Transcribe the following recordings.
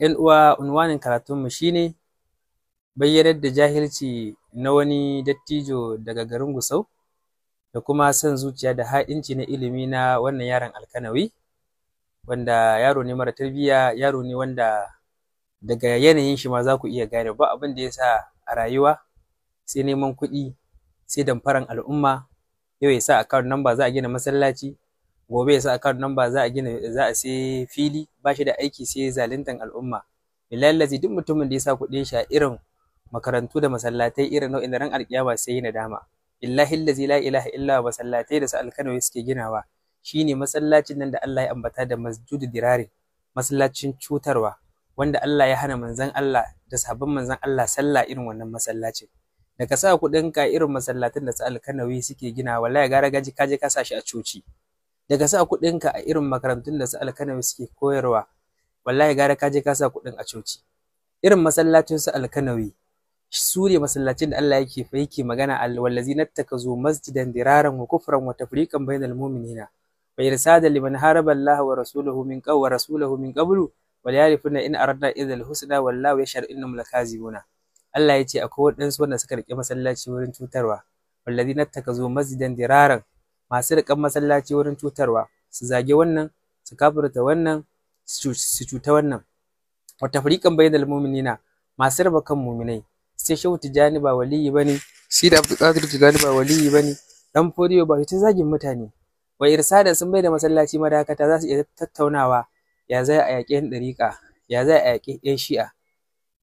‘yan uwa unwanin karatunmu shine bayyanar da jahilci na wani dattijo daga garin Gusau da kuma son zuciya da ha'inci na ilimi na wannan yaron alkanawi wanda yaro ne mara tarbiyya yaro ne wanda daga yanayin shi ma za ku iya gane ba abin da ya sa a rayuwa sai neman kuɗi sai damfaran al'umma yau ya sa account number za a gina masallaci gobe ya sa account number za a gina za a sai fili ba shi da aiki sai zaluntar al'umma bilallazi duk mutumin da ya sa kuɗin shi a irin makarantu da masallatai irin nau'in da ran alƙiyama sai na dama illahi lazi la ilaha illa masallatai da su alkanawi suke ginawa shine masallacin nan da Allah ya ambata da masjudu dirari masallacin cutarwa wanda Allah ya hana manzon Allah da sabon manzon Allah sallah irin wannan masallacin da ka sa ka irin masallatin da su alkanawi suke ginawa wallahi gara gaji ka je ka sa a coci daga sa kudinka a irin makarantun da su alkanawi suke koyarwa wallahi gara ka je ka sa kudin a coci irin masallacin su alkanawi su ne masallacin da Allah yake fa yake magana wallazi nattakazu masjidan diraran wa kufran wa tafriqan bainal mu'minina wa irsada liman haraba Allah wa rasuluhu min qaw wa rasuluhu min qablu wal yarifuna in aradna idhal husna wallahu yashhadu innahum lakazibuna Allah ya ce akwai waɗansu wanda suka rike masallaci wurin cutarwa wallazi nattakazu masjidan diraran masu riƙan masallaci wurin cutarwa su zage wannan su kafirta wannan su cuta wannan wa tafriqan bainal mu'minina masu raba kan mu'minai sai shehu tijani ba waliyi bane shi da abdul qadir tijani ba waliyi bane dan fodiyo ba ta zagin mutane wa irsada sun bai da masallaci madakata za su iya tattaunawa ya zai a yaƙe yan ɗariƙa ya zai a yaƙe yan shi'a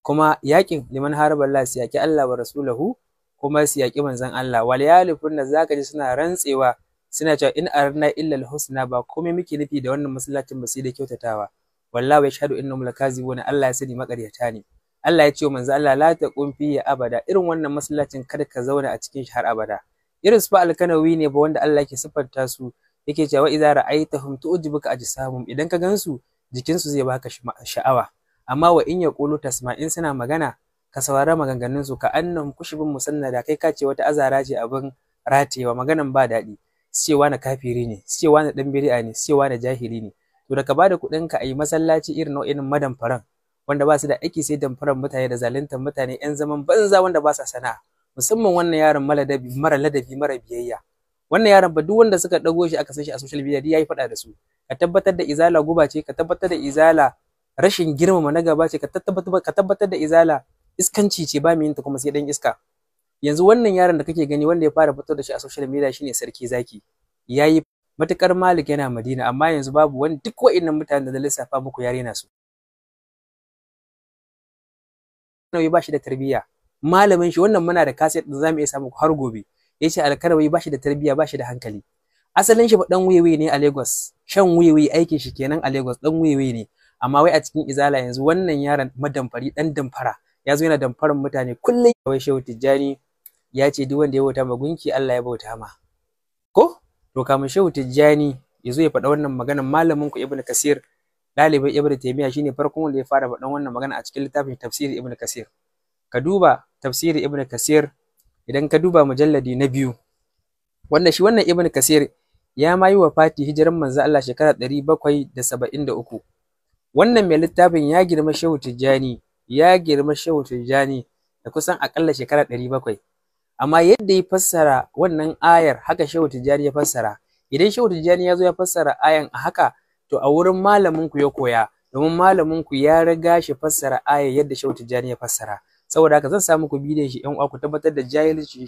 kuma yaƙin liman harbar Allah su yaƙi Allah wa rasulahu kuma su yaƙi manzon Allah wal yalifun da zaka ji suna rantsewa suna cewa in arna illa alhusna ba komai muke nufi da wannan masallacin ba sai da kyautatawa wallahi ya shahadu innahum wa Allah ya sani makaryata ne Allah ya ce manzo Allah la taqum ya abada irin wannan masallacin kada ka zauna a cikin shi har abada irin su ba alkanawi ne ba wanda Allah yake siffanta su yake cewa idza ra'aytahum tu'jibuka ajsamum idan ka gansu jikinsu zai baka sha'awa amma wa in ya yaqulu tasma'in suna magana ka saurari su ka annahum kushibun musannada kai ka ce wata azara ce abin ratewa maganan ba daɗi cewa na kafiri ne cewa na dan bid'a ne cewa na jahili ne to da ka bada kuɗin ka yi masallaci irin nau'in madan faran wanda ba su da aiki sai damfaran mutane da zaluntar mutane yan zaman banza wanda ba sa sana'a musamman wannan yaron mara ladabi mara biyayya wannan yaron ba duk wanda suka dago shi aka san shi a social media ya yi faɗa da su ka tabbatar da izala guba ce ka tabbatar da izala rashin girmama na gaba ce ka tabbatar da izala iskanci ce ba mu yin ta kuma sai dan iska yanzu wannan yaron da kake gani wanda ya fara fito da shi a social media shine sarki zaki yayi matukar malik yana madina amma yanzu babu wani duk wa'innan mutanen da lissafa muku yare na su nauyi ba shi da tarbiyya malamin shi wannan muna da kaset da zamu iya samu har gobe yace alkarwai ba shi da tarbiyya ba shi da hankali asalin shi dan wiwi ne a Lagos shan wiwi aikin shi kenan a Lagos dan wiwi ne amma wai a cikin izala yanzu wannan yaron madamfari dan damfara ya yana damfaran mutane kullum wai shehu tijjani ya ce duk wanda ya bauta ma gunki Allah ya bauta ma ko to kamun shehu tijjani ya zo ya faɗa wannan maganar malamin ku ibnu kasir ɗalibin ibnu taymiya shine farkon wanda ya fara faɗan wannan magana a cikin littafin tafsiri ibnu kasir ka duba tafsiri ibnu kasir idan ka duba mujalladi na biyu wanda shi wannan ibnu kasir ya ma yi wa fati hijiran manzo Allah shekara ɗari bakwai da saba'in da uku wannan mai littafin ya girma shehu tijjani ya girma shehu tijjani da kusan akalla shekara 700 bakwai amma yadda ya fassara wannan ayar haka shehu tijjani ya fassara idan shehu tijjani ya zo ya fassara ayan a haka to a wurin malamin ya koya domin malaminku ya riga shi fassara ayar yadda shehu tijjani ya fassara saboda haka zan sa ku bidiyon shi yan uwa ku tabbatar da jahilci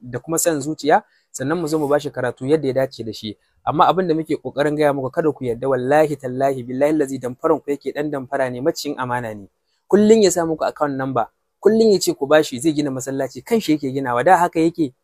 da kuma san zuciya sannan mu zo mu bashi karatu yadda ya dace da shi amma abin da muke kokarin gaya muku kada ku yarda wallahi tallahi billahi lazi damfaran ku yake dan damfara ne macin amana ne kullun ya sa muku account number Kullum ya ce ku bashi zai gina masallaci kan shi yake ginawa da haka yake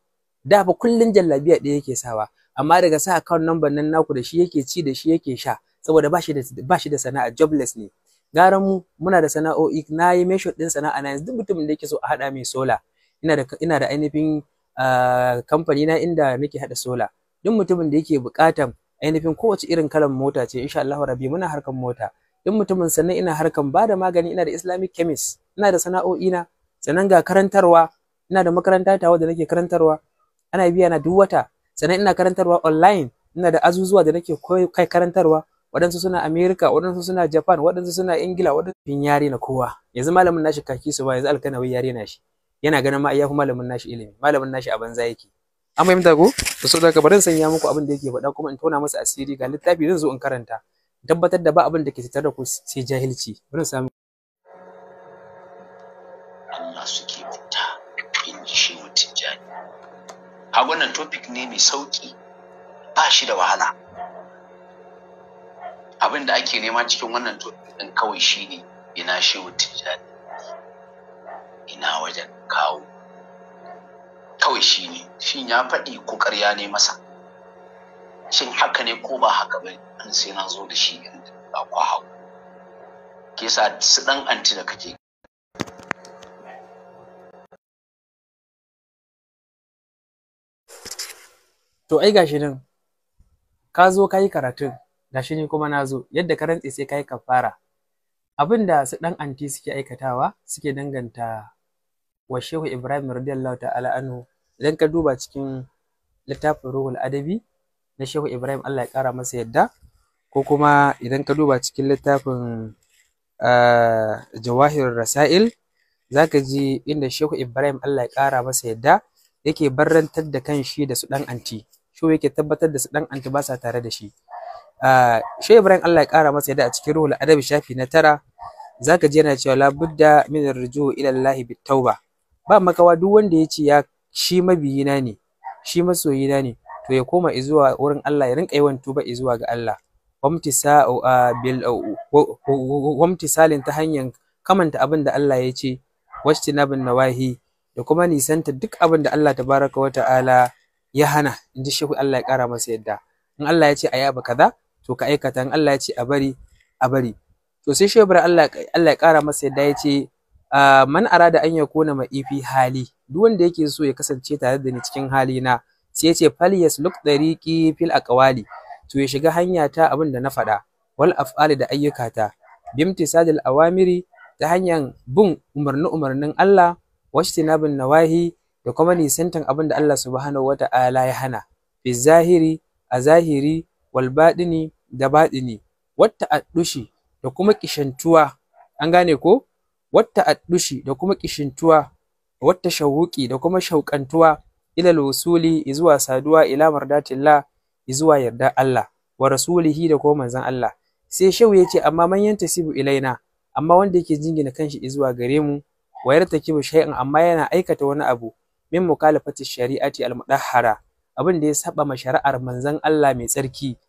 da fa kullum jallabiya ɗaya yake sawa amma daga sa account number nan naku da shi yake ci da shi yake sha saboda bashi da bashi da sana'a jobless ne gara mu muna da sana'o'i na yi mention din sana'a na duk mutumin da yake so a hada mai sola ina da ina da ainihin ah, kamfani na inda nake hada sola duk mutumin da yake bukatan ainihin kowace irin kalan mota ce insha Allah rabi muna harkan mota duk mutumin sannan ina harkan bada magani ina da Islamic chemist ina da sana'o'i na sannan ga karantarwa ina da makaranta tawa da nake karantarwa ana biya na duk wata sannan ina karantarwa online ina da azuzuwa da nake kai karantarwa waɗansu suna Amerika waɗansu suna Japan waɗansu suna Ingila waɗansu fin yare na kowa yanzu malamin nashi kaki su ba yanzu alkanawai yare na yana ganin ma iyafi malamin nashi ilimi malamin nashi a banza yake an fahimta ko to so daga barin sanya muku abin da yake faɗa kuma in tona masa asiri ga littafi zan zo in karanta tabbatar da ba abin da ke tattare da ku sai jahilci bari samu suke fita in ji mutum tijjani kaga wannan topic ne mai sauki ba shi da wahala abin da ake nema cikin wannan topic din kawai shine ina mutum tijjani ina wajen kawo kawai shine shin ya faɗi ko ƙarya ne masa shin haka ne ko ba haka ba an sai na zo da shi ba ku hau ke sa su ɗan anti da kake to ai gashi nan ka zo ka yi karatun gashi ni kuma nazo. yadda ka rantse sai ka yi kafara abin da su ɗan anti suke aikatawa suke danganta wa shehu ibrahim radiyallahu ta'ala anhu idan ka duba cikin littafin ruhul adabi na shehu ibrahim allah ya kara masa yadda ko kuma idan ka duba cikin littafin eh, jawahir rasail zaka ka ji inda shehu ibrahim allah ya kara masa yadda yake barrantar da kan shi da su ɗan anti shi yake tabbatar da su dan anti ba tare da shi shi Ibrahim Allah ya kara masa yadda a cikin ruhul adabi shafi na tara zaka ji yana cewa labudda min arju ila Allah bit tauba ba makawa duk wanda ya ce ya shi mabiyina ne shi masoyina ne to ya koma zuwa wurin Allah ya rinka yawan tuba zuwa ga Allah wamtisalin ta hanyar kamanta abin da Allah ya ce washtinabin nawahi da kuma nisanta duk abin da Allah ta baraka wa ta'ala ya hana in ji shehu Allah ya ƙara masa yadda in Allah ya ce a yi abu kaza to ka aikata in Allah ya ce a bari a bari to sai shehu bar Allah ya ƙara masa yadda ya ce man arada an yakuna ifi hali duk wanda yake so ya kasance tare da ni cikin hali na sai ya ce fal yasluk dariqi fil aqwali to ya shiga hanya ta abin da na faɗa wal af'ali da ayyukata bimtisadil awamiri ta hanyar bin umarni umarnin Allah washtinabin nawahi da kuma nisantan abin da Allah subhanahu wa ta'ala ya hana fi zahiri a zahiri wal baɗini da baɗini wata addushi da kuma kishantuwa an gane ko wata addushi da kuma kishintuwa wata shawuki da kuma shauƙantuwa ilal wusuli zuwa saduwa ila mardatillah zuwa yarda Allah wa rasulihi da kuma manzon Allah sai Sha'u ya ce amma man sibu ilaina amma wanda yake jingina kanshi zuwa gare mu wa yartakibu shay'an amma yana aikata wani abu min mukalafati shari'ati al-mudahhara abin da ya saba ma shari'ar manzon Allah mai tsarki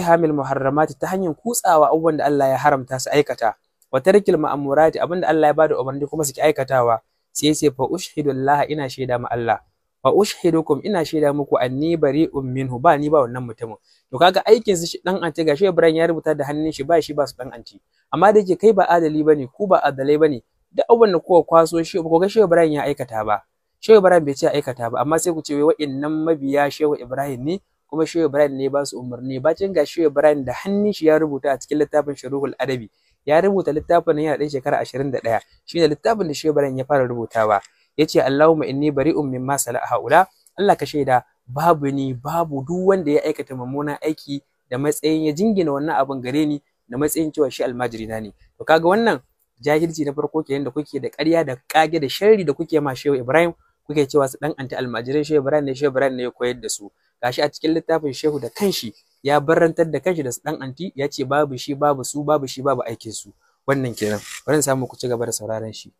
hamil muharramati ta hanyar kutsawa abubuwan da Allah ya haramta su aikata wa tarkil ma'amurati abin da Allah ya bada umarni kuma su ki aikatawa sai sai fa ushhidu Allah ina shaida ma Allah fa ushhidukum ina shaida muku anni bari minhu ba ni ba wannan mutumin to kaga aikin su dan anti gashi Ibrahim ya rubuta da hannun shi ba shi ba su dan anti amma da yake kai ba adali bane ku ba adalai bane da abubuwan da kowa kwaso shi ba ku ga shi Ibrahim ya aikata ba shehu ibrahim bai ce aikata ba amma sai ku ce wa'innan mabiya shehu ibrahim ne kuma shehu ibrahim ne ba su umarni bacin ga shehu ibrahim da hannun shi ya rubuta a cikin littafin sharuhul adabi ya rubuta littafin yana ɗan shekara ashirin da ɗaya shine littafin da shehu ibrahim ya fara rubutawa ya ce allahumma inni bari'un mimma sala'a haula allah ka shaida babu ni babu duk wanda ya aikata mummunan aiki da matsayin ya jingina wannan abin gare ni da matsayin cewa shi almajirina ne to kaga wannan jahilci na farko kenan da kuke da ƙarya da kage da sharri da kuke ma shehu ibrahim kuke cewa su dan anti almajirai shehu ibrahim ne shehu ibrahim ne ya koyar da su gashi a cikin littafin shehu da kanshi ya barantar da kanshi da su dan anti ya ce babu shi babu su babu shi babu aikin su wannan kenan bari samu ku ci gaba da sauraron shi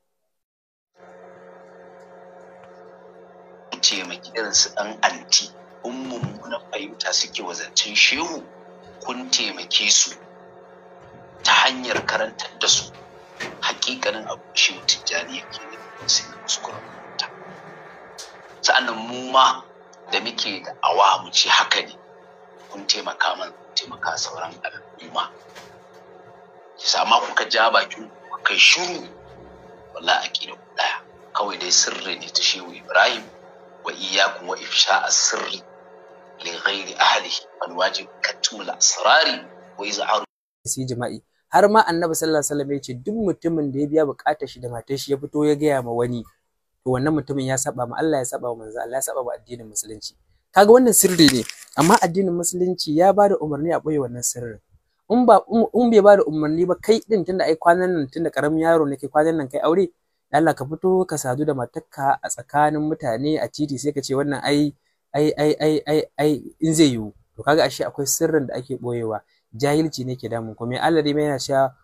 ce maki irin su dan anti in mummunan fahimta suke wazancin shehu kun taimake su ta hanyar karantar da su hakikanin abu mutum tijjani yake sai sun kuskure sa'annan mu ma da muke da awa mu ce haka ne kun taimaka man taimaka sauran al'umma ki sama kuka ja bakin kai shiru walla aqida daya kawai dai sirri ne ta shehu Ibrahim wa iyyakum wa a sirri li ghairi ahli wal wajib katmul asrari wa izhar si jama'i har ma annabi sallallahu alaihi wasallam ya ce duk mutumin da ya biya bukatar shi da matar shi ya fito ya gaya ma wani to wannan mutumin ya saba ma Allah ya saba ma manzo Allah ya saba ma addinin musulunci kaga wannan sirri ne amma addinin musulunci ya ba da umarni a boye wannan sirrin in ba in bai ba da umarni ba kai din tunda ai kwanan nan tunda karamin yaro ne kai kwanan nan kai aure Allah ka fito ka sadu da matarka a tsakanin mutane a titi sai ka ce wannan ai ai ai ai ai in zai yiwu to kaga ashe akwai sirrin da ake boyewa jahilci ne ke damun kuma Allah dai yana cewa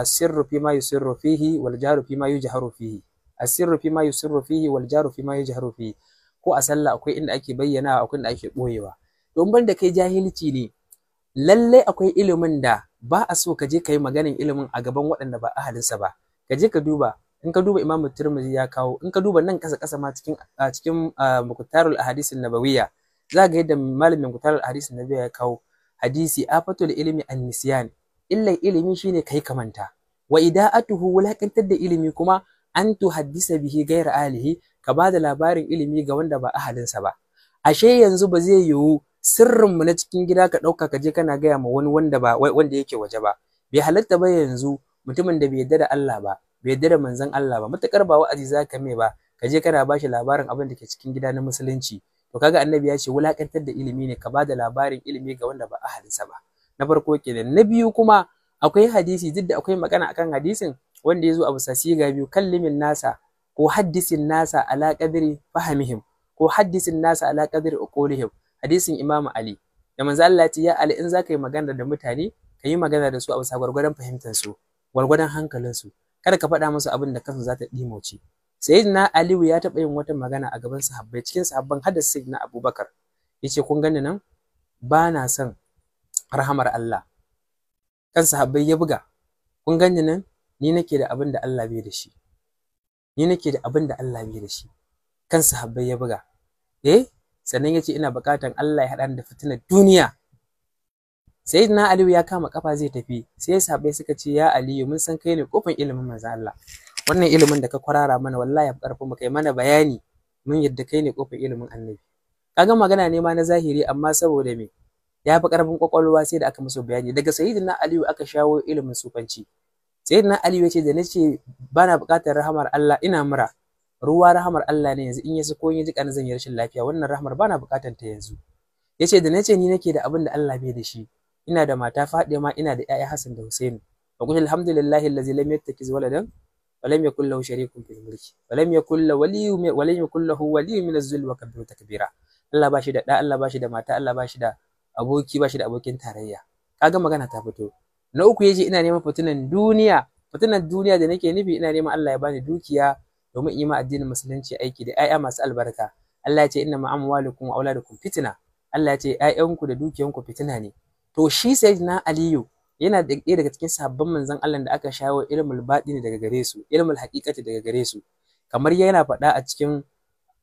asirru ah, fi ma yusirru fihi wal jaru fi ma yujharu fihi asirru fi ma yusirru fihi wal jaru fi ma yajharu fihi ko a sallah akwai inda ake bayyana akwai inda ake boyewa don ban da kai jahilci ne lallai akwai ilimin da ba a so ka je ka maganin ilimin a gaban waɗanda ba ahalinsa ba ka je ka duba in ka duba imamu tirmidhi ya kawo in ka duba nan kasa kasa ma cikin cikin muktarul ahadisin nabawiyya za ga yadda malamin muktarul ahadisin nabawiyya ya kawo hadisi afatul ilmi an nisyan illa ilimi shine kai kamanta wa ida'atuhu wulakantar da ilimi kuma an tuhaddisa bihi gaira Alihi, ka ba da labarin ilimi ga wanda ba ahalinsa ba ashe yanzu ba zai yiwu sirrinmu na cikin gida ka ɗauka ka je kana gaya ma wani wanda ba wanda yake waje ba bai halatta ba yanzu mutumin da bai yarda da Allah ba bai yarda da manzon Allah ba matakar ba wa'azi zaka mai ba ka je kana ba shi labarin abin da ke cikin gida na musulunci to kaga annabi ya ce wulakantar da ilimi ne ka ba da labarin ilimi ga wanda ba ahalinsa ba na farko kenan na biyu kuma akwai hadisi duk da akwai magana akan hadisin wanda ya zo a bisa siga biyu kallimin nasa ko haddisin nasa ala kadiri fahimihim ko haddisin nasa ala kadiri uqulihim hadisin imam ali da manzo Allah ya ce ya ali in zaka yi magana da mutane ka yi magana da su a bisa gwargwadon fahimtar su gwargwadon hankalin su kada ka faɗa musu abin da kansu za ta dimoce sayyidina aliyu ya taɓa yin wata magana a gaban sahabbai cikin sahabban hadda sayyidina abubakar yace kun gani nan ba na son rahamar Allah kan sahabbai ya buga kun gani nan ni nake da abin da Allah bai da shi ni nake da abin da Allah bai da shi kan sahabbai ya buga eh sannan yace ina bukatan Allah ya hada da fitinar duniya na Aliyu ya kama kafa zai tafi sai sahabbai suka ce ya Aliyu mun san kai ne kofin ilimin manzo Allah wannan ilimin da ka kwarara mana wallahi ya karfin mu kai mana bayani mun yadda kai ne kofin ilimin annabi kaga magana ne ma na zahiri amma saboda me ya fi karfin kwakwalwa sai da aka musu bayani daga sayyidina aliyu aka shawo ilimin sufanci Aliyu ali ce da nace bana buƙatar rahamar Allah ina mura ruwa rahamar Allah ne yanzu in ya sako ya ji kan zan yi rashin lafiya wannan rahamar bana buƙatar ta yanzu yace da nace ni nake da abin da Allah bai da shi ina da mata Fadima ina da ƴaƴa Hassan da Hussein aqul alhamdulillahi allazi lam yattakiz waladan fil mulki wa lam yakul lahu waliyyu wa lam yakul lahu waliyyu min az من wa kabiru takbira Allah bashi da da Allah bashi da mata Allah bashi da aboki bashi da abokin tarayya kaga magana ta fito na uku ya yace ina neman fitinan duniya fitinan duniya da nake nufi ina neman Allah ya bani dukiya domin in yi ma addinin musulunci aiki da ƴaƴa masu albarka Allah ya ce inna ma amwalukum wa auladukum fitna Allah ya ce ƴaƴanku da dukiyanku fitina ne to shi na Aliyu yana da ɗaya daga cikin sabbin manzon Allah da aka shawo ilmul ne daga gare su ilmul haqiqati daga gare su kamar yana faɗa a cikin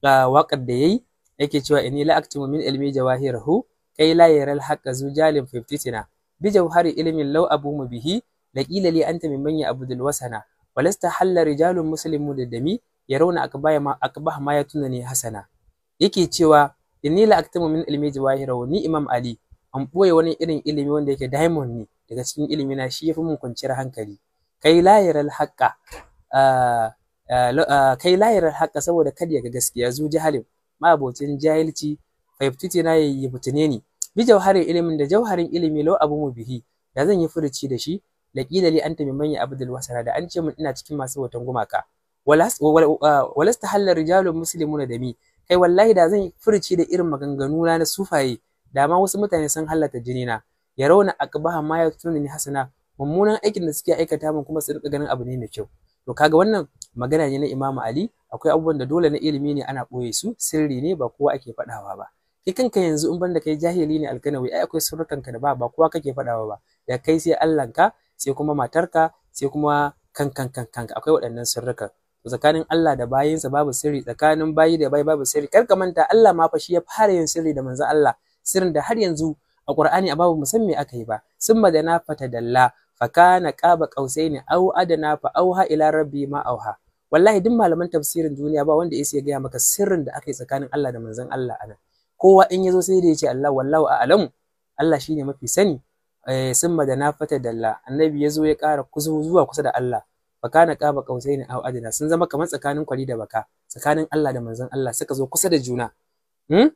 waƙar da yayi yake cewa inni la min ilmi jawahirahu kai la yaral haqqa zujalin fitina bi jawhari ilimin lau'abu abu mu bihi laqila li anta mimman ya abudul wasana walasta halla rijalun muslimu da dami yarawna akbaya ma tuna ma Hassana. hasana yake cewa inni la aktamu min ilmi jawahira wa ni imam ali an boye wani irin ilimi wanda ya ke diamond ne daga cikin ilimi na shi ya fi mun kwanciyar hankali kai layiral haqqa saboda kada ya ga gaskiya zu jahalin ma'abocin jahilci faiftuti na yayi fitine ni bi jauharin ilimin da jauharin ilimi lau abu mu bihi da zan yi furuci da shi da kila li anta manya abdul wasara da an ce mun ina cikin masu watan gumaka walas uh, ta hallar rijalun muslimuna da mi kai wallahi da zan yi furuci da irin maganganu na na sufaye da ma wasu mutane sun hallata jini na ya rauna akbaha ma ya tunani ni hasana mummunan aikin da suke aikata mun kuma su rika ganin abu ne mai kyau to kaga wannan magana ne na Imam Ali akwai abubuwan da dole na ilimi ne ana ɓoye su sirri ne ba kowa ake faɗawa ba kai kanka yanzu in banda kai jahili ne alkanawi ai akwai ka da ba ba kowa kake faɗawa ba da kai sai Allah ka sai kuma matar ka sai kuma kan kan kan kan akwai waɗannan sirrukan tsakanin Allah da bayinsa babu sirri tsakanin bayi da bayi babu sirri kar ka manta Allah ma fa shi ya fara yin sirri da manzo Allah sirrin da har yanzu a Qur'ani a babu musamman aka yi ba sun madana fatadalla fakana qaba qausaini au adana fa auha ila rabbi ma auha wallahi duk malaman tafsirin duniya ba wanda yake gaya maka sirrin da aka yi tsakanin Allah da manzon Allah anan kowa in ya zo sai da ya ce Allah wallahu a'lamu Allah shine mafi sani eh, summa da na fata dalla annabi ya zo ya ƙara zuwa kusa da Allah Baka na qaba qausaini aw adna sun zama kamar tsakanin kwali da baka tsakanin Allah da manzon Allah suka zo kusa da juna hmm?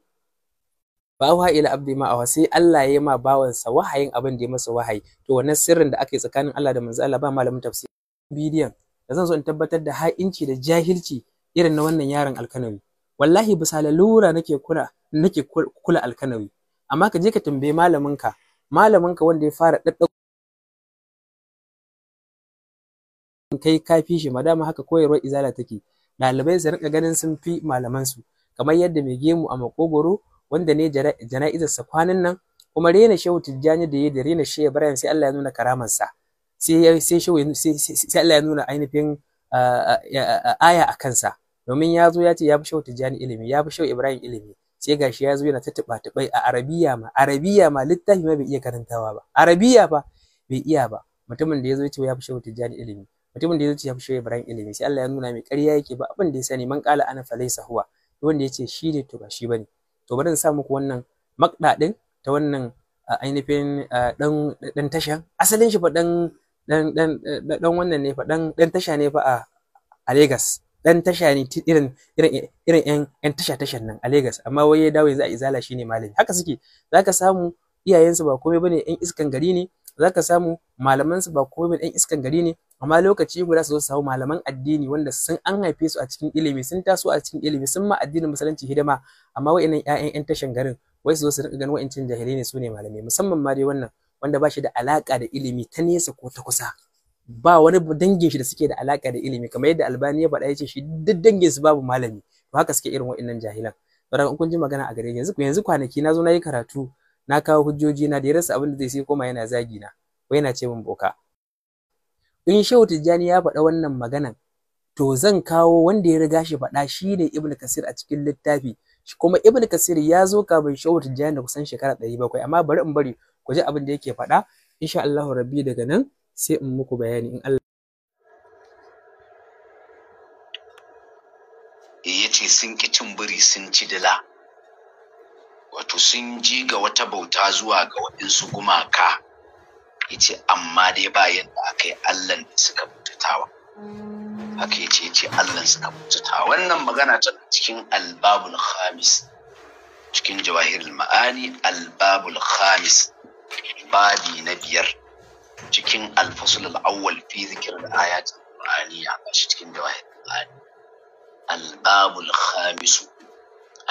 ba wa ila abdi ma awa sai Allah ya yi ma bawansa wahayin abin da ya masa wahayi to wannan sirrin da aka yi tsakanin Allah da manzon Allah ba malamin tafsir bidiyon da zan zo in tabbatar da ha'inci da jahilci irin na wannan yaron alkanami wallahi bisa lalura nake kula nake kula alkanawi amma ka je ka tambaye malaminka malaminka wanda ya fara ɗaɗɗau kai ka fishi, shi madama haka koyarwar izala take ɗalibai su rika ganin sun fi malamansu kamar yadda mai gemu a makogoro wanda ne jana'izarsa kwanan nan kuma rena shehu tijjani da ya da rena shehu ibrahim sai Allah ya nuna karamarsa sai sai Allah ya nuna ainihin aya a kansa domin ya zo ya ce ya fi shehu tijjani ilimi ya fi shehu ibrahim ilimi sai gashi ya zo yana ta tuba tubai a arabiya ma arabiya ma littafi ma bai iya karantawa ba arabiya ba bai iya ba mutumin da ya zo ya ce ya fi shehu tijjani ilimi mutumin da ya zo ya ce ya fi shehu ibrahim ilimi sai Allah ya nuna mai ƙarya yake ba abin da ya sani man qala ana falaysa huwa wanda ya ce shi ne to ba shi bane to bari in sa muku wannan makdadin ta wannan ainihin dan dan tashan asalin shi fa dan dan dan wannan ne fa dan dan tasha ne fa a Lagos dan tasha ne irin irin irin yan tasha tashan nan a Lagos amma wai ya dawo yanzu a izala shine malami haka suke zaka samu iyayensu ba komai bane yan iskan gari ne zaka samu malaman su ba komai bane yan iskan gari ne amma lokaci guda su zo su samu malaman addini wanda sun an haife su a cikin ilimi sun taso a cikin ilimi sun ma addinin musulunci hidima amma wa'annan ƴaƴan ƴan tashan garin wai su zo su rika ganin wa'ancin jahilai ne su ne malamai musamman ma dai wannan wanda ba shi da alaka da ilimi ta nesa ko ta kusa ba wani dangin shi da suke da alaka da ilimi kamar yadda albani ya faɗa ya ce shi duk dangin su babu malami to haka suke irin wa'annan jahilan bara in kun ji magana a gare yanzu yanzu kwanaki na zo na yi karatu na kawo hujjoji na da ya rasa abin da zai sai koma yana zagi na ko yana ce min boka in shehu tijjani ya faɗa wannan maganan to zan kawo wanda ya riga shi faɗa shi ne ibnu kasir a cikin littafi kuma ibnu kasir ya zo kafin shehu tijjani da kusan shekara ɗari bakwai amma bari in bari ku ji abin da yake faɗa insha Allahu rabbi daga nan sai in muku bayani in Allah eh, ya ce sun ki cin biri sun ci dila wato sun ji ga wata bauta zuwa ga waɗansu gumaka ya ce amma dai ba yadda aka yi allan da suka mutatawa haka ya ce ya ce allan suka mutatawa wannan magana ta cikin albabul khamis cikin jawahirul ma'ani albabul khamis babi na biyar cikin alfasul awwal, fi zikir da ayatul qur'aniya a shi cikin jawahir qur'ani al-babul khamis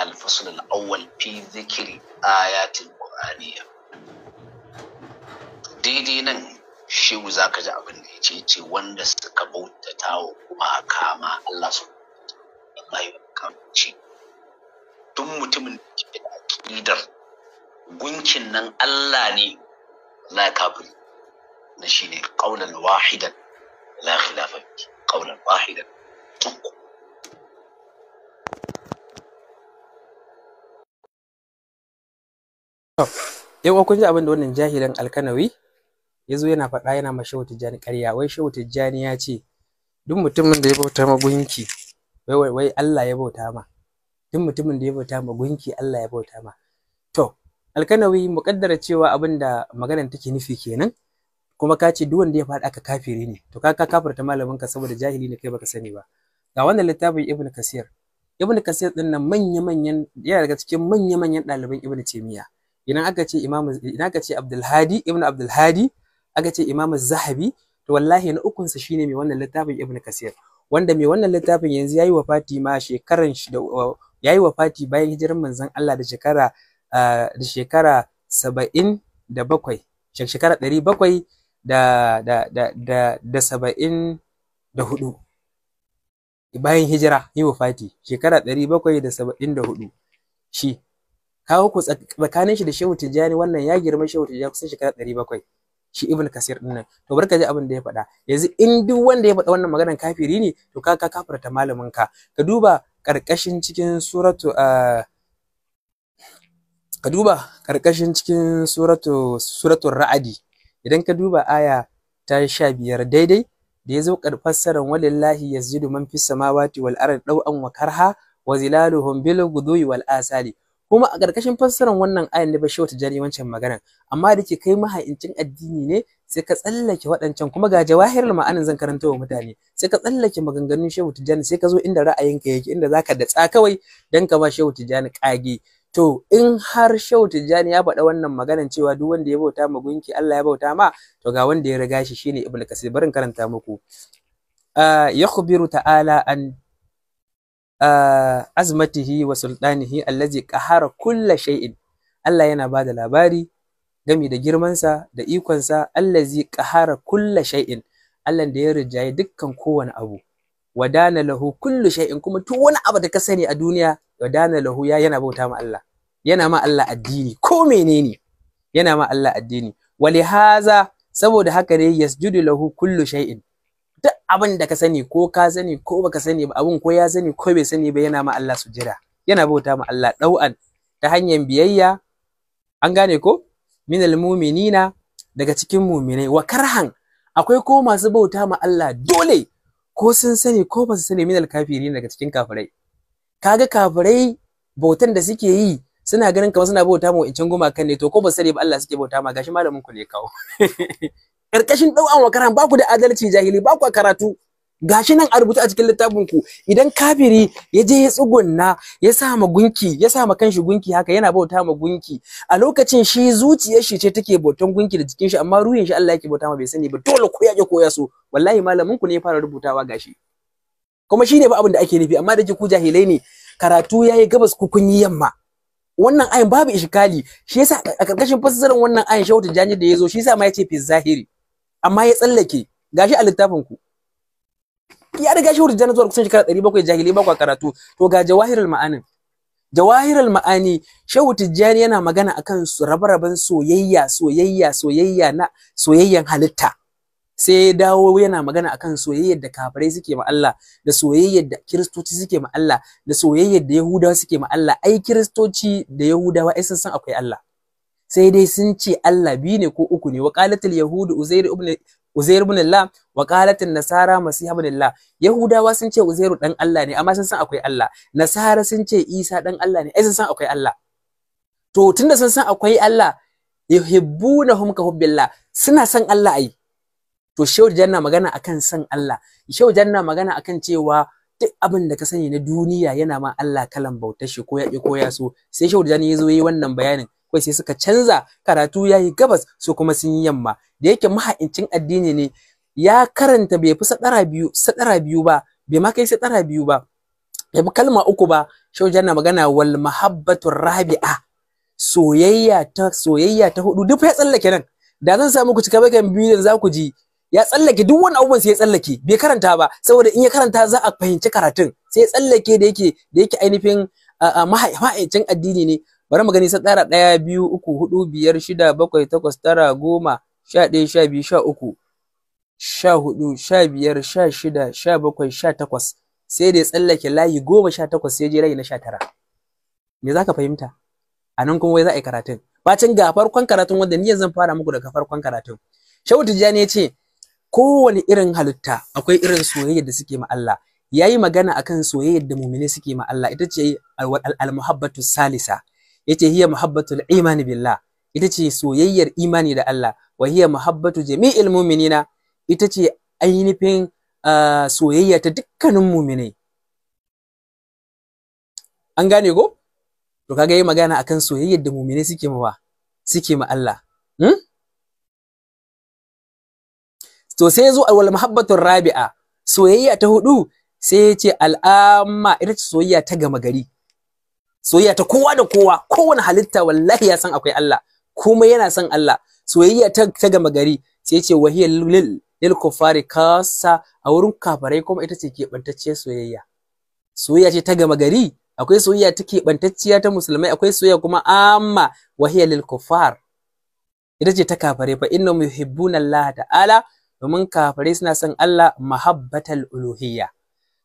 alfasul awwal, fi zikir ayatul qur'aniya daidai nan shehu ka ji abin da yace ce wanda suka bauta tawo kuma kama Allah su Allah ya kamci duk mutumin da ke da aqidar gunkin nan Allah ne la kafiri na shine ƙaunar wahidan la khilafa fi qaulan wahidan yau kun ji abin da wannan jahilan alkanawi ya zo yana faɗa yana ma shehu tijjani ƙarya wai shehu tijjani ya ce duk mutumin da ya bauta ma gunki wai Allah ya bauta ma duk mutumin da ya bauta ma gunki Allah ya bauta ma to alkanawi muƙaddara cewa abin da maganar take nufi kenan kuma ka ce duk wanda ya faɗa ka kafiri ne to ka kafirta malamin ka saboda jahili ne kai baka sani ba ga wannan littafin ibnu kasir ibnu kasir din nan manya manyan yana daga cikin manya manyan ɗaliban ibnu taymiya idan aka ce imam idan aka ce abdul hadi ibnu abdul hadi aka ce imam zahabi to wallahi na ukun sa shine mai wannan littafin ibnu kasir wanda mai wannan littafin yanzu yayi wafati ma shekaran shi da yayi wafati bayan hijirar manzon Allah da shekara ah, da shekara 77 shekara 700 da da da da da saba'in da hudu bayan hijira yi wafati shekara ɗari bakwai da saba'in da hudu shi kawo ku tsakanin shi da shehu tijjani wannan ya girma shehu tijjani kusan shekara ɗari bakwai shi ibn kasir din nan to barka ji abin da ya faɗa yanzu in duk wanda ya faɗa wannan maganar kafiri ne to ka ka kafarta malamin ka ka duba karkashin cikin suratu ka duba karkashin cikin suratu suratu ra'adi idan ka duba aya ta sha biyar daidai da ya zo fassarar walillahi yasjudu man fis samawati wal ard daw'an wa karha wa zilaluhum bil ghudwi wal asali kuma a ƙarƙashin fassarar wannan ayan da shi wata jari wancan magana, amma da ke kai maha'incin addini ne sai ka tsallake waɗancan kuma ga jawahirar ma'anin zan karanta wa mutane sai ka tsallake maganganun shehu tijjani sai ka zo inda ra'ayinka yake inda za ka datsa kawai don ka ba shehu tijjani ƙage to in har Shehu Tijjani ya faɗa wannan maganan cewa duk wanda ya bauta ma gunki Allah ya bauta ma to ga wanda ya riga shi shine Ibn Kasir barin karanta muku khubiru ta'ala an azmatihi wa sultanihi allazi qahara kulla shay'in Allah yana bada labari gami da girmansa da ikonsa allazi qahara kulla shay'in Allah da ya rijaye dukkan kowane abu wadana lahu kullu shay'in kuma tun wani abu da ka sani a duniya wadana lahu ya yana bauta ma Allah yana ma Allah addini ko menene yana ma Allah addini wali haza saboda haka ne yasjudu lahu kullu shay'in duk abin da ka sani ko ka sani ko baka sani ba abun ko ya sani ko bai sani ba yana ma Allah sujira yana bauta ma Allah dau'an ta hanyar biyayya an gane ko min muminina daga cikin muminai wa karhan akwai ko masu bauta ma Allah dole ko sun sani ko ba su sani min kafirin daga cikin kafirai kaga kafirai bautan da suke yi suna ganin kamar suna bauta ma goma gumakan ne to ko ba sani ba Allah suke bauta ma gashi malamin ku ne kawo karkashin dau'an wa ba baku da adalci jahili baku karatu gashi nan a rubuta a cikin littafin ku idan kafiri ya je ya tsugunna ya sa ma gunki ya sa ma kanshi gunki haka yana bauta ma gunki a lokacin shi zuciyar shi ce take bautan gunki da jikin shi amma ruhin shi Allah yake bauta ma bai sani ba dole ko ya koya so wallahi malamin ku ne ya fara rubutawa gashi kuma shine ba abin da ake nufi amma da ke ku jahilai ne karatu yayi gabas ku kun yi yamma wannan ayin babu ishkali shi yasa a karkashin fassarar wannan ayin shehu janji da yazo shi yasa ma yace fi zahiri amma ya tsallake gashi a littafin ku ya riga shehu tijani zuwa kusan shekara 700 jahilai ba ku karatu to ga jawahirul ma'anin jawahirul ma'ani shehu tijjani yana magana akan rabe-raben soyayya soyayya soyayya na soyayyan halitta sai ya dawo yana magana akan soyayyar da kafirai suke ma Allah da soyayyar da kiristoci suke ma Allah da soyayyar da yahudawa suke ma Allah ai kiristoci da yahudawa ai sun san akwai Allah sai dai sun ce Allah bi ne ko uku ne waqalatul yahudu uzair ibn uzair ibn Allah nasara masih ibn Allah yahudawa sun ce uzairu dan Allah ne amma sun san akwai Allah nasara sun ce isa dan Allah ne ai sun san akwai Allah to tunda sun san akwai Allah yuhibbunahum ka hubbillah suna san Allah ai to shehu janna magana akan san Allah shehu janna magana akan cewa duk abin da ka sani na duniya yana ma Allah kalan bauta shi ko ya koya ko ya so sai shehu janna ya zo wannan bayanin kawai sai suka canza karatu ya yi gabas su kuma sun yi yamma da yake maha'incin addini ne ya karanta bai fi sadara biyu sadara biyu ba bai ma kai sadara biyu ba bai fi kalma uku ba shehu janna magana wal mahabbatur rabi'a soyayya ta soyayya ta hudu duk ya tsallake nan da zan samu ku cika bakin biyu za ku ji ya tsallake duk wani abubuwan sai ya tsallake bai karanta ba saboda in ya karanta za a fahimci karatun sai ya tsallake da yake da yake ainihin mahaicin addini ne bari mu gani sai tsara ɗaya biyu uku hudu biyar shida bakwai takwas tara goma sha ɗaya sha biyu sha uku sha hudu sha biyar sha shida sha bakwai sha takwas sai da ya tsallake layi goma sha takwas sai je layi na sha tara me za ka fahimta a nan kuma wai za a yi karatun bacin ga farkon karatun wanda ni yanzu zan fara muku daga farkon karatun shehu tijjani ya ce kowane irin halitta akwai irin soyayya da suke ma Allah yayi magana akan soyayyar da mu'mini suke ma Allah ita ce al-muhabbatu salisa yace hiya al imani billah ita ce soyayyar imani da Allah wa hiya muhabbatu jami'il mu'minina ita ce ainihin ah, soyayya ta dukkanin mu'minai an gane ko to kaga yayi magana akan soyayyar da mu'mini suke ma suke ma Allah hmm? to sai zo alwal mahabbatun rabi'a soyayya ta hudu sai ya ce al'amma ita ce soyayya ta gama gari soyayya ta kowa da kowa kowane halitta wallahi ya san akwai Allah kuma yana san Allah soyayya ta, ta gama gari sai ya ce wahiyar lil lil kufari kasa a wurin kafarai kuma ita ce keɓantacciyar soyayya soyayya ce ta gama gari akwai soyayya ta keɓantacciya ta musulmai akwai soyayya kuma amma wahiyar lil kufar ita ce ta kafare fa innahum yuhibbuna Allah ta'ala domin kafirai suna son Allah mahabbatal uluhiyya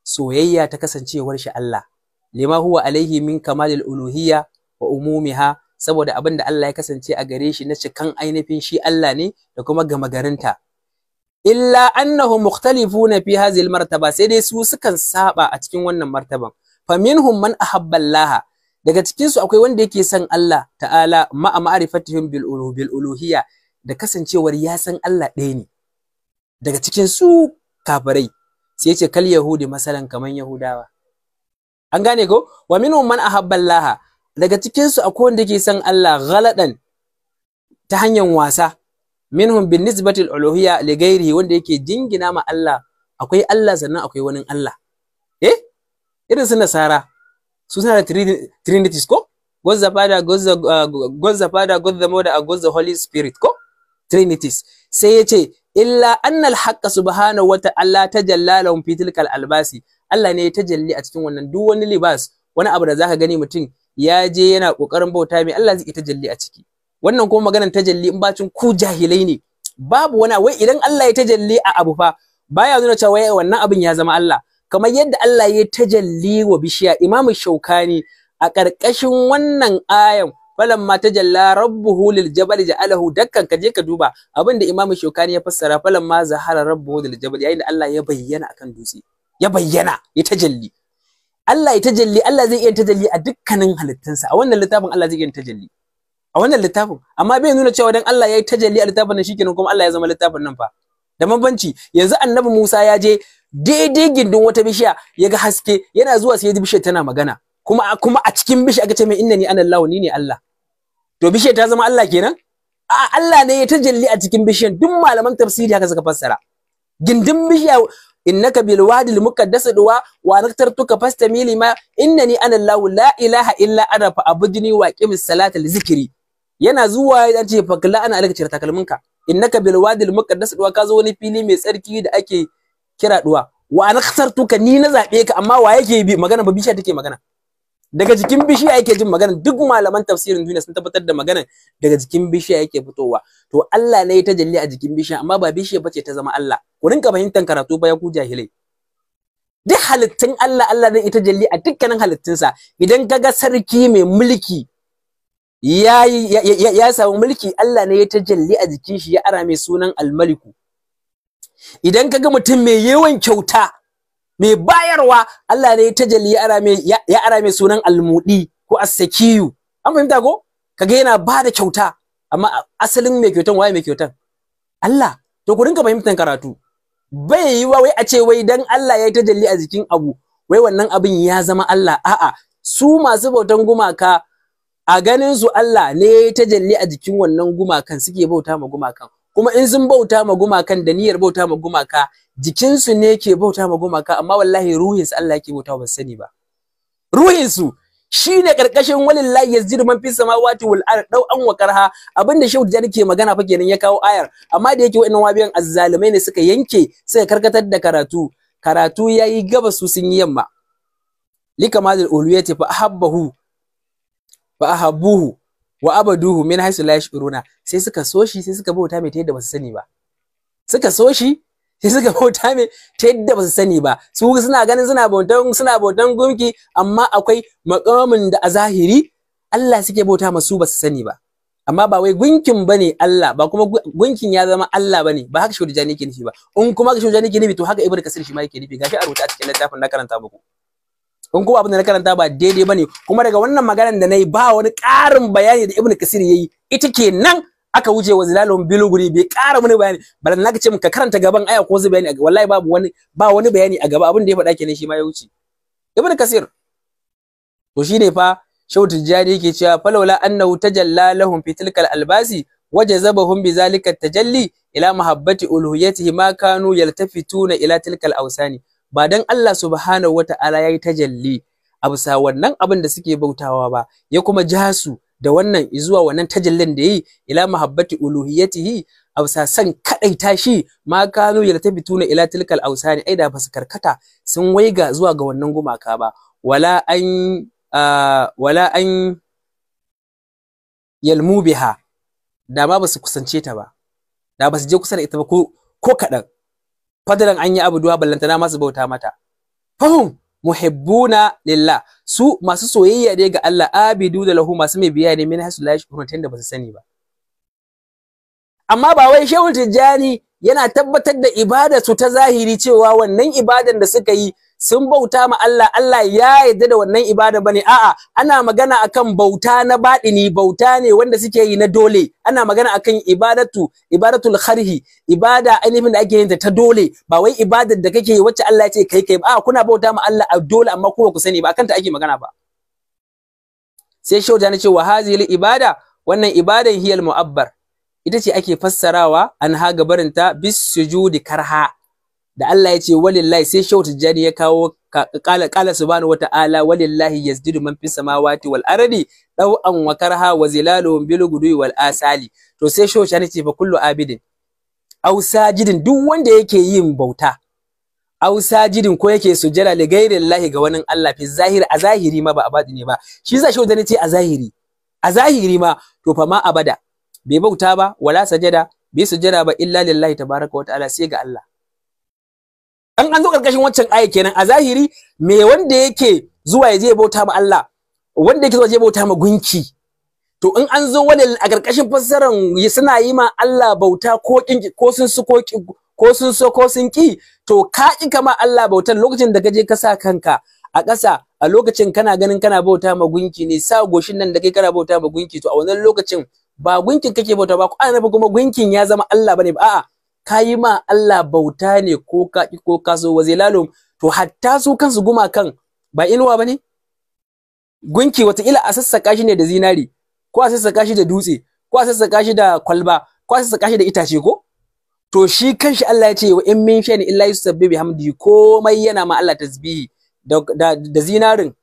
soyayya ta kasancewar shi Allah lima huwa alaihi min kamalil uluhiyya wa umumiha saboda abin da Allah ya kasance a gare shi na cikan ainihin shi Allah ne da kuma gama garinta illa annahu mukhtalifuna fi hadhihi martaba sai dai su sukan saba a cikin wannan martaban fa minhum man ahabba Allah daga cikin su akwai wanda yake son Allah ta'ala ma'a ma'rifatihim bil uluhiyya da kasancewar ya san Allah ɗaya ne daga cikin su kafirai sai yace kal yahudi masalan kaman yahudawa an gane ko wa minhum man ahabba allaha daga cikin su akwai wanda ke san Allah ghaladan ta hanyar wasa minhum bin nisbatil uluhiyya li ghairihi wanda yake jingina ma Allah akwai Allah sannan akwai wani Allah eh irin su nasara su suna da trinities ko God the Father, God the, uh, God the Father, God the Mother, and God the Holy Spirit ko trinities sai yace illa annal haqqa subhanahu wa ta'ala tajalla lahum fi tilkal albasi Allah ne ya tajalli a cikin wannan duk wani libas wani abu da zaka gani mutum ya je yana kokarin bauta mai Allah zai tajalli a ciki wannan kuma maganar tajalli in bacin ku jahilai ne babu wani wai idan Allah ya tajalli a abu fa baya nuna cewa wai wannan abin ya zama Allah kamar yadda Allah ya tajalli wa bishiya imamu Shaukani a ƙarƙashin wannan ayan ma tajalla rabbuhu lil jabal ja'alahu dakkan kaje ka duba abinda imam shokani ya fassara ma zahara rabbuhu lil jabal yayin da Allah ya bayyana akan dutse ya bayyana ya tajalli Allah ya tajalli Allah zai iya tajalli a dukkanin halittunsa a wannan littafin Allah zai iya tajalli a wannan littafin amma bai nuna cewa dan Allah ya yi tajalli a littafin nan shikenan kuma Allah ya zama littafin nan fa da bambanci yanzu annabi Musa ya je daidai gindin wata bishiya ya ga haske yana zuwa sai ya ji bishiyar tana magana kuma kuma a cikin bishi aka ce mai inna ana Allah ni ne Allah to bishiyar ta zama Allah kenan a Allah ne ya tajalli a cikin bishi duk malaman tafsiri haka suka fassara gindin bishiya innaka bil wadil muqaddas duwa wa naktartuka fastami lima Inna ana Allah la ilaha illa ana fa abudni wa qimis salata li zikri yana zuwa ya ce fa kalla ana alaka cire takalminka innaka bil wadil muqaddas duwa ka zo wani fili mai tsarki da ake kira duwa wa naktartuka ni na zabe ka amma wa yake bi magana ba bishiya take magana daga jikin bishiya yake jin magana duk malaman tafsirin duniya sun tabbatar da magana daga jikin bishiya yake fitowa to Allah ne ya tajalli a jikin bishiya amma ba bishiya bace ta zama Allah ku rinka fahimtar karatu ba ya ku jahilai duk halittun Allah Allah ne ya jalli a dukkanin sa idan kaga sarki mai mulki ya ya samu mulki Allah ne ya tajalli a jikin shi ya ara mai sunan almaliku idan kaga mutum mai yawan kyauta mai bayarwa Allah ne ta jali ya ara mai sunan almudi ko as-sakiyu an fahimta ko kaga yana ba da kyauta amma asalin mai kyautan waye mai kyautan Allah to ku rinka fahimtar karatu bai yi wa wai a ce wai dan Allah ya yi tajalli a jikin abu wai wannan abin ya zama Allah a'a su masu bautan gumaka a ganin su Allah ne ya yi tajalli a jikin wannan gumakan suke bauta ma gumakan kuma in sun bauta ma gumakan da niyyar bauta ma gumaka jikinsu ne ke bauta ma gumaka amma wallahi ruhinsu Allah yake bauta ba sani ba ruhinsu shine karkashin walillahi yazid man fi samawati wal ard dau an wa karha abinda shehu da ke magana fa kenan ya kawo ayar amma da yake wa'annan wabiyan azzalumai ne suka yanke suka karkatar da karatu karatu yayi gaba su sun yi yamma likamadul uluyati fa ahabbahu fa ahabbuhu wa abaduhu min haisu la yashuruna sai suka so shi sai suka bauta mai ta yadda ba su sani ba suka so shi sai suka bauta mai ta yadda ba su sani ba su suna ganin suna bautan suna bautan gumki amma akwai makamin da a zahiri Allah suke bauta masu ba su sani ba amma ba wai gunkin bane Allah ba kuma gunkin ya zama Allah bane ba haka shurjani yake nufi ba in kuma haka shurjani yake nufi to haka Ibrahim kasir shi ma yake nufi gashi a rubuta a cikin littafin na karanta muku in ko abin da na karanta ba daidai bane kuma daga wannan maganar da nayi ba wani ƙarin bayani da ibnu kasir yayi ita kenan aka wuce wa zilalun biluguri bai ƙara mini bayani bala na ce ka karanta gaban aya ko zai bayani wallahi babu wani ba wani bayani a gaba abin da ya faɗa kenan shi ma ya wuce Ibn kasir to shine fa shehu tijjani yake cewa falawla annahu tajalla lahum fi tilkal albasi وجذبهم بذلك tajalli ila mahabbati ألوهيته ma kanu yaltafituna Ila, Tilkal, awsani ba dan Allah subhanahu wata'ala yi tajalli a bisa wannan abin da suke bautawa ba ya kuma ja su da wannan zuwa wannan tajallin da yi ila mahabbati uluhiyatihi a bisa san kadai tashi, ma kanu tuna ila tilkal ausani ai da basu karkata sun waiga zuwa ga wannan gumaka ba wala an wala an yalmu biha da ma basu kusance ta ba da basu je kusa da ita ba ko ko kaɗan fadalan an yi abu duwa ballantana masu bauta mata fahum muhibbuna lillah su masu soyayya ne ga Allah abidu da lahu masu mai biya ne min hasu la kuma tunda ba su sani ba amma ba wai shehu tijjani yana tabbatar da ibada su ta zahiri cewa wannan ibadan da suka yi sun bauta ma Allah Allah ya yarda da wannan ibada bane a'a ana magana akan bauta na baɗini bauta ne wanda suke yi na dole ana magana akan ibadatu ibadatul kharhi ibada ainihin da ake yin ta dole ba wai ibadar da kake yi wacce Allah ya ce kai kai a'a kuna bauta ma Allah a dole amma kowa ku sani ba akan ta ake magana ba sai shauja na ce wa hazil ibada wannan ibadan hiyal mu'abbar ita ce ake fassarawa an ha gabarinta bis sujudi karha da Allah ya ce walillahi sai Shehu Tijjani ya kawo kala kala subhanahu ta'ala walillahi yasjudu man fis samawati wal ardi an wa karha wa zilaluhum bil gudui wal asali to sai Shehu ce fa kullu abidin aw sajidin duk wanda yake yin bauta aw sajidin ko yake sujjada li ghairillahi ga wani Allah fi zahiri a zahiri ma ba a ne ba shi yasa Shehu Tijjani ce a zahiri a zahiri ma to fa ma abada bai bauta ba wala sajada bai sujjada ba illa lillahi tabaraka wa ta'ala sai ga Allah an an zo karkashin waccan aya kenan a zahiri me wanda yake zuwa yaje je bauta ma Allah wanda yake zuwa je bauta ma gunki to in an zo wani a karkashin fassaran suna yi ma Allah bauta ko kinki ko sun su ko ko sun so ko sun ki to ka ki kama Allah bautan lokacin da kaje ka sa kanka a ƙasa a lokacin kana ganin kana bauta ma gunki ne sa goshin nan da kai kana bauta ma gunki to a wannan lokacin ba gunkin kake bauta ba ko annabi kuma gunkin ya zama Allah bane ba a'a ka yi ma Allah bauta ne ko ka ki ko ka so wazilalum to hatta su kansu gumakan ba inuwa bane gunki wataƙila a sassaƙa shi ne da zinari ko a sassaƙa shi da dutse ko a sassaƙa shi da kwalba ko a sassaƙa shi da itace ko to shi kanshi Allah ya ce wa in min shani illa bi bihamdi komai yana ma Allah tasbihi da, da, da zinarin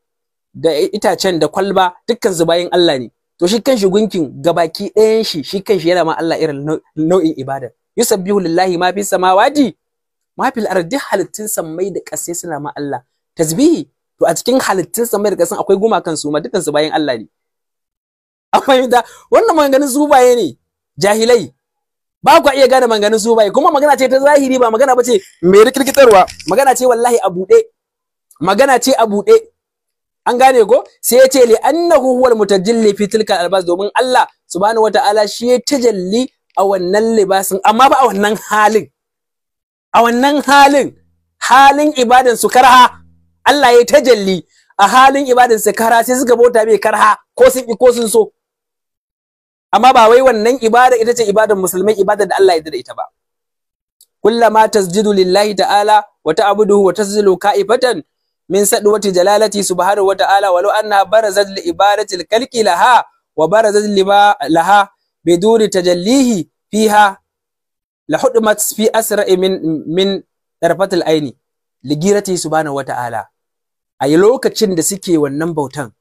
da itacen da kwalba dukkan su Allah ne to shi kanshi gunkin gabaki ɗayan shi shi kanshi yana ma Allah irin nau'in ibada yusabbihu lillahi ma fi samawati ma fil ardi halittun sammai da ƙasai suna ma Allah tasbihi to a cikin halittun sammai da kasan akwai gumakan su ma dukkan su bayan Allah ne an wannan maganganun zubaye ne jahilai ba ku iya gane maganganun zubaye kuma magana ce ta zahiri ba magana ba ce mai rikirkitarwa magana ce wallahi a buɗe magana ce a buɗe an gane ko sai ya ce li annahu huwal mutajalli fi tilka albas domin Allah subhanahu wataala shi ya tajalli a wannan libasin amma ba a wannan halin a wannan halin halin ibadan su karha Allah ya tajalli a halin ibadan su karha sai suka bauta mai karha ko sun ko sun so amma ba wai wannan ibada ita ce ibadan musulmai ibadar da Allah ya yarda ita ba kullama tasjidu lillahi ta'ala wa ta'buduhu wa tasjilu ka'ifatan min sadwati jalalati subhanahu wa ta'ala walau anna barazat li ibadati al-khalqi laha wa barazat lima laha biduni tajallihi fiha la hudumat fi asra'i min min darfatil aini ligirati subhanahu wata'ala a lokacin da suke wannan bautan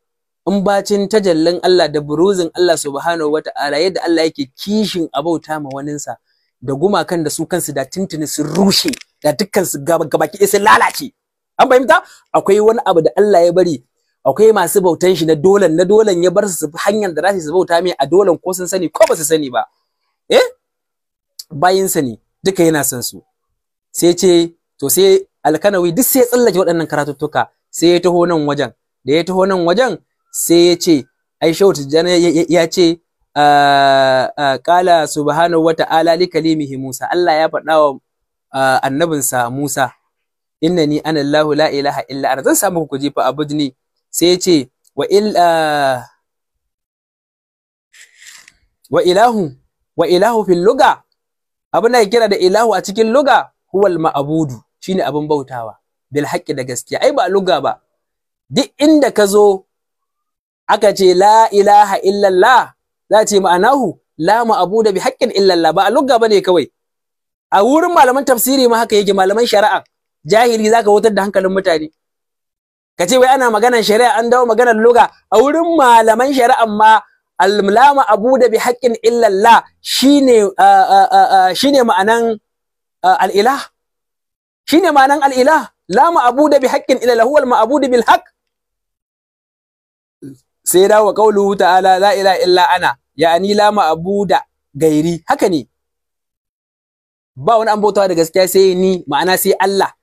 in bacin tajallin Allah da buruzin Allah subhanahu wata'ala yadda Allah yake kishin abauta ma waninsa da gumakan da su kansu da tuntuni sun rushe da dukkan su gabaki sun lalace an fahimta akwai wani abu da Allah ya bari akwai masu bautan shi na dolan na dolan ya bar su hanyar da za su bauta mai a dolan ko sun sani ko ba su sani ba eh sa ne duka yana son su sai ce to sai alkanawi duk sai ya tsallake waɗannan karatuttuka sai ya taho nan wajen da ya taho nan wajen sai ya ce ai shehu jana ya ce kala ah, ah, subhanahu wata'ala li kalimihi musa Allah ya faɗa wa ah, annabinsa musa Inna innani ana la ilaha illa ana zan samu ku jifa abudni sai ce ah, wa ilahu wa ilahu fil luga abin da kira da ilahu a cikin luga huwal ma'abudu shine abin bautawa bil haqqi da gaskiya ai ba luga ba duk inda ka zo aka ce la ilaha illallah za ce ma'anahu la ma'abuda bi haqqin illallah ba a luga bane kawai a wurin malaman tafsiri ma haka yake malaman shari'a jahili zaka wutar da hankalin mutane ka ce wai ana maganar shari'a an dawo maganar luga a wurin malaman shari'a ma almulama abu da bi haƙƙin illallah shine shine ma'anan al'ilah shine ma'anan al'ilah la ma'abu da bi haƙƙin illallah huwal ma'abu da bil haqq sai dawo qauluhu ta'ala la ilaha illa ana ya'ani la ma'abu da gairi haka ne ba wani an bautawa da gaskiya sai ni ma'ana sai Allah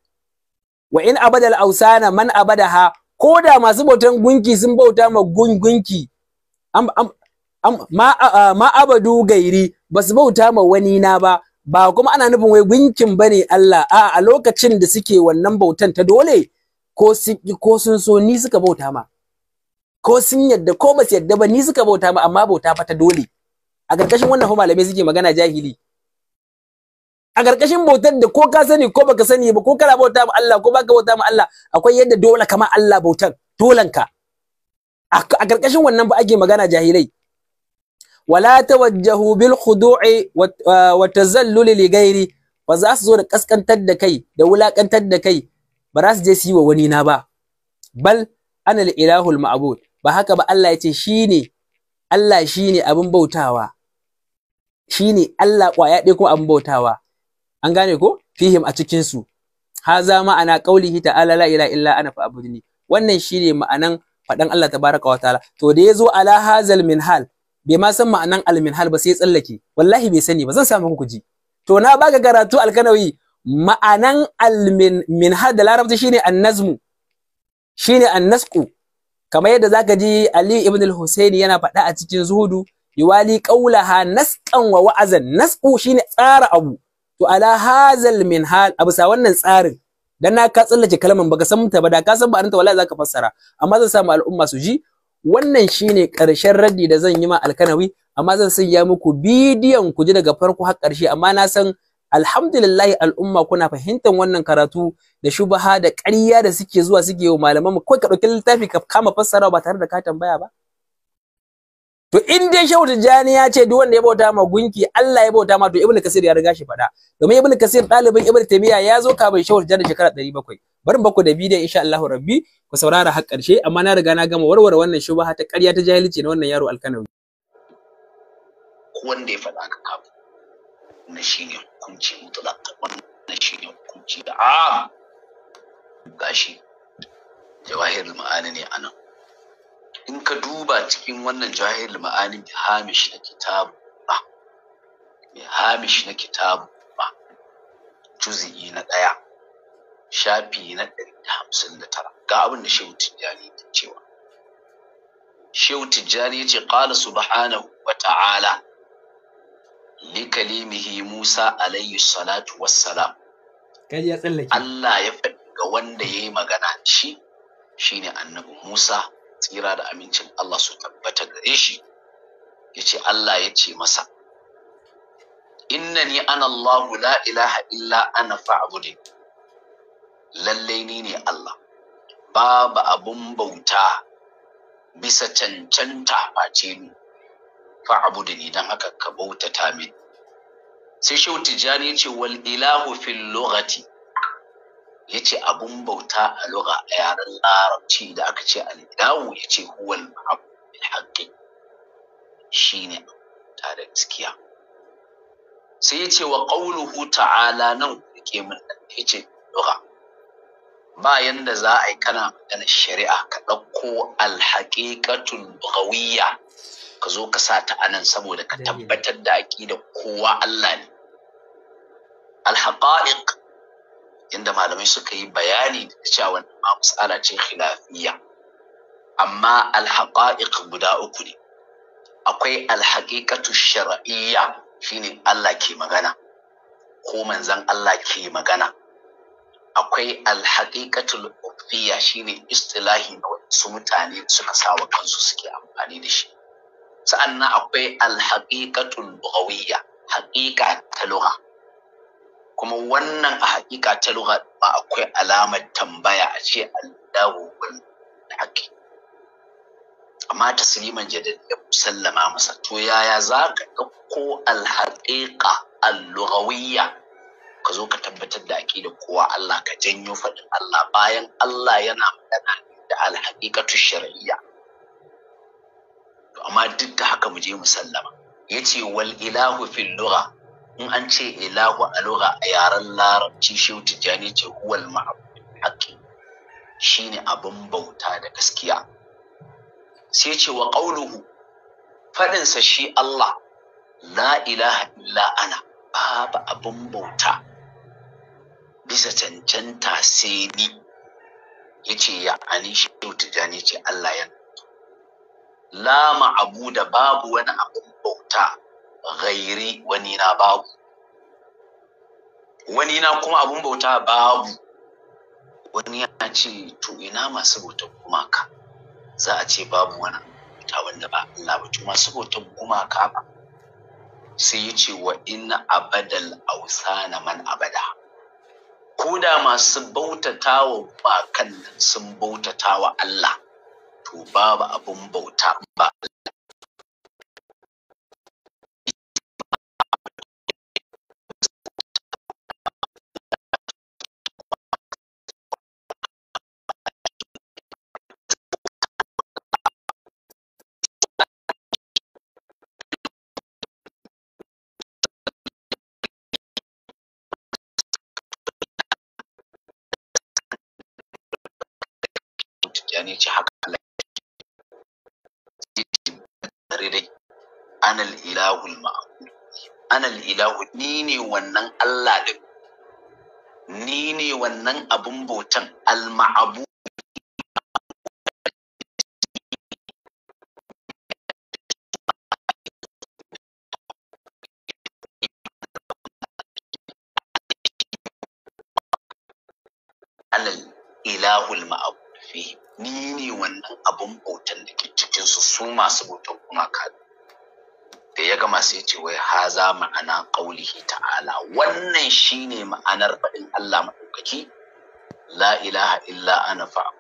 wa in abadal ausana man abadaha ko da masu bautan gunki sun bauta ma gunki ma abadu gairi ba su bauta ma wani na ba ba kuma ana nufin wai gunkin ba ne Allah a a lokacin da suke wannan bautan ta dole ko sun so ni suka bauta ma ko sun yadda ko ba su yadda ba ni suka bauta ma amma bauta fa ta dole a ƙarƙashin wannan malamai suke magana jahili a ƙarƙashin bautar da ko ka sani ko baka sani ba ko kana bauta ma Allah ko baka bauta ma Allah akwai yadda dole kama Allah bautar dolanka a ƙarƙashin wannan ba ake magana jahilai wala tawajjahu bil khudu'i wa tazallul li ghairi ba za su zo da kaskantar da kai da wulakantar da kai ba za su je su yi wa wani na ba bal ana al ilahul ma'bud ba haka ba Allah ya ce shine Allah shine abin bautawa shine Allah kwaya ɗaya kuma abin bautawa an gane ko fihim a cikin su za ma'ana qaulihi ta'ala la ilaha illa ana fa'budni wannan shine ma'anan fadan Allah tabaraka wa ta'ala to da yazo ala hazal minhal bai ma san ma'anan al hal ba sai tsallake wallahi bai sani ba zan samu muku ji to na baka karatu al-kanawi ma'anan al minhal da Larabta shine an-nazmu shine an-nasqu kamar yadda zaka ji Ali ibn al-Husaini yana faɗa a cikin zuhudu yuwali qaulaha nasqan wa wa'azan nasqu shine tsara abu to ala hazal min hal a bisa wannan tsarin dan na ka tsallace ba baka san mutaba da ka san ba ta wallahi zaka fassara amma zan samu al'umma su ji wannan shine karshen raddi da zan yi ma alkanawi amma zan ya muku bidiyon ku ji daga farko har karshe amma na san alhamdulillah al'umma kuna fahimtar wannan karatu da shubaha da ƙarya da suke zuwa suke yi wa malaman mu kai ka ɗauki littafi ka kama fassara ba tare da ka tambaya ba to in dai shehu tijjani ya ce duk wanda ya bauta ma gunki Allah ya bauta ma to ibnu kasir ya riga shi faɗa domin ibnu kasir ɗalibin ibnu taymiya ya zo kafin shehu tijjani shekara 700 barin baku da bidiyon insha Allah rabbi ku saurara har ƙarshe amma na riga na gama warware wannan shubha ta ƙarya ta jahilci na wannan yaro alkanawi wanda ya faɗa ka kafu na shi ne hukunci mutlaq wannan shi ne hukunci da a gashi jawahirul ma'ani ne anan in ka duba cikin wannan jahil ma'ani hamish na kitabu ba mai hamish na kitabu ba juzi'i na ɗaya shafi na ɗari da hamsin da tara ga abin da shehu tijjani ke cewa shehu tijjani ya ce ƙala subhanahu wa ta'ala li kalimihi musa alayhi salatu wassalam Allah ya faɗi ga wanda ya yi magana shi shine annabi musa tsira da amincin Allah su tabbata gare shi yace Allah yace masa innani ana Allah la ilaha illa ana fa'budi lallai ni ne Allah babu abun bauta bisa cancanta face ni fa'budu ni dan haka ka bautata min sai shehu tijani yace wal ilahu fil lughati ya ce abun bauta a lura a yaren larabci da aka ce al'idawu ya ce huwal ma'abudin haƙƙi shi ne ta da gaskiya sai ya ce wa ƙauluhu ta'ala nan rike min ya ce lura bayan da za a yi kana maganar shari'a ka ɗauko alhaƙiƙatun lughawiyya ka zo ka sa ta anan saboda ka tabbatar da aƙidar kowa Allah ne alhaƙa'iq inda malamai suka yi bayani da cewa ma matsala ce khilafiyya amma alhaqa'iq guda uku ne akwai alhaqiqatu shar'iyya shine Allah ke magana ko manzon Allah ke magana akwai alhaqiqatul ukhfiyya shine istilahi na wasu mutane suka sawa kansu suke amfani da shi sa'annan akwai alhaqiqatul lughawiyya haqiqa ta lugha kuma wannan a hakika ta lura, ba akwai alamar tambaya a ce Allahu haƙi amma tasliman jadal ya sallama masa to yaya za ka ɗauko alhaƙiƙa al ka zo ka tabbatar da da kowa Allah ka janyo faɗin Allah bayan Allah yana magana da alhaƙiƙatu shar'iyya to amma duk da haka mu je mu sallama yace wal ilahu fil lugha in an ce ilahu a lura a yaren larabci shehu tijjani ce huwal ma'abu shi ne abin bauta da gaskiya sai ce wa ƙauluhu faɗinsa shi Allah la ilaha illa ana babu abin bauta bisa cancanta sai ni ya ce ya ani shi tijjani ce Allah ya la ma'abu da babu wani abin bauta ghairi wani na babu wani na kuma abun bauta babu wani ya ce to ina masu bautar gumaka za a ce babu wani ta wanda ba Allah ba to masu bautar gumaka ba sai ya ce wa inna abadal ausana man abada ko da masu bautata wa gumakan sun bautata wa Allah to babu abun bauta ba Allah. tijjani ya haka anal ilahul anal ilahu ni ne wannan Allah din ni ne wannan abun bautan al wannan abun bautan da ke cikin su su masu bautan gumaka da ya gama sai ce wai haza ma'ana qaulihi ta'ala wannan shine ma'anar faɗin Allah maɗaukaki, la ilaha illa ana fa